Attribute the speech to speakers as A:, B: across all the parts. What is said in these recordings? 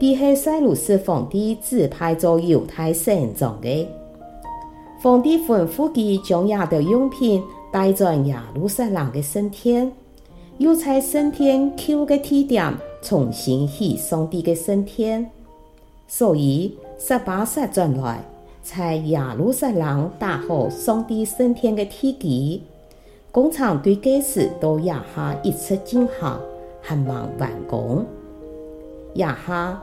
A: 啲喺西魯斯皇帝指派做猶太神像嘅，皇帝吩咐佢將亞得用品帶轉耶路撒冷的神殿，又在神殿舊的地點重新起上帝的神殿。所以十八世轉來，在耶路撒冷打好上帝神殿的地基，工廠對這次都亞哈一次進行，急忙完工。亞哈。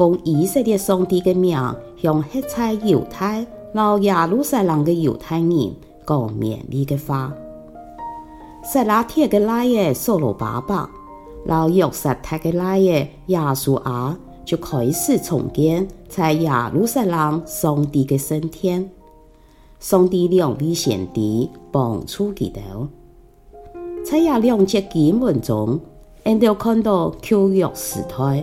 A: 奉以色列上帝的名，向黑彩猶太、老耶路撒冷的猶太人講勉勵嘅話。塞拉鐵嘅拉耶所羅巴伯，留約瑟鐵嘅拉耶書亞阿，就開始重建在耶路撒冷上帝的聖殿。上帝兩位先帝放出幾道，在亞兩隻經文中，人都看到約瑟斯胎。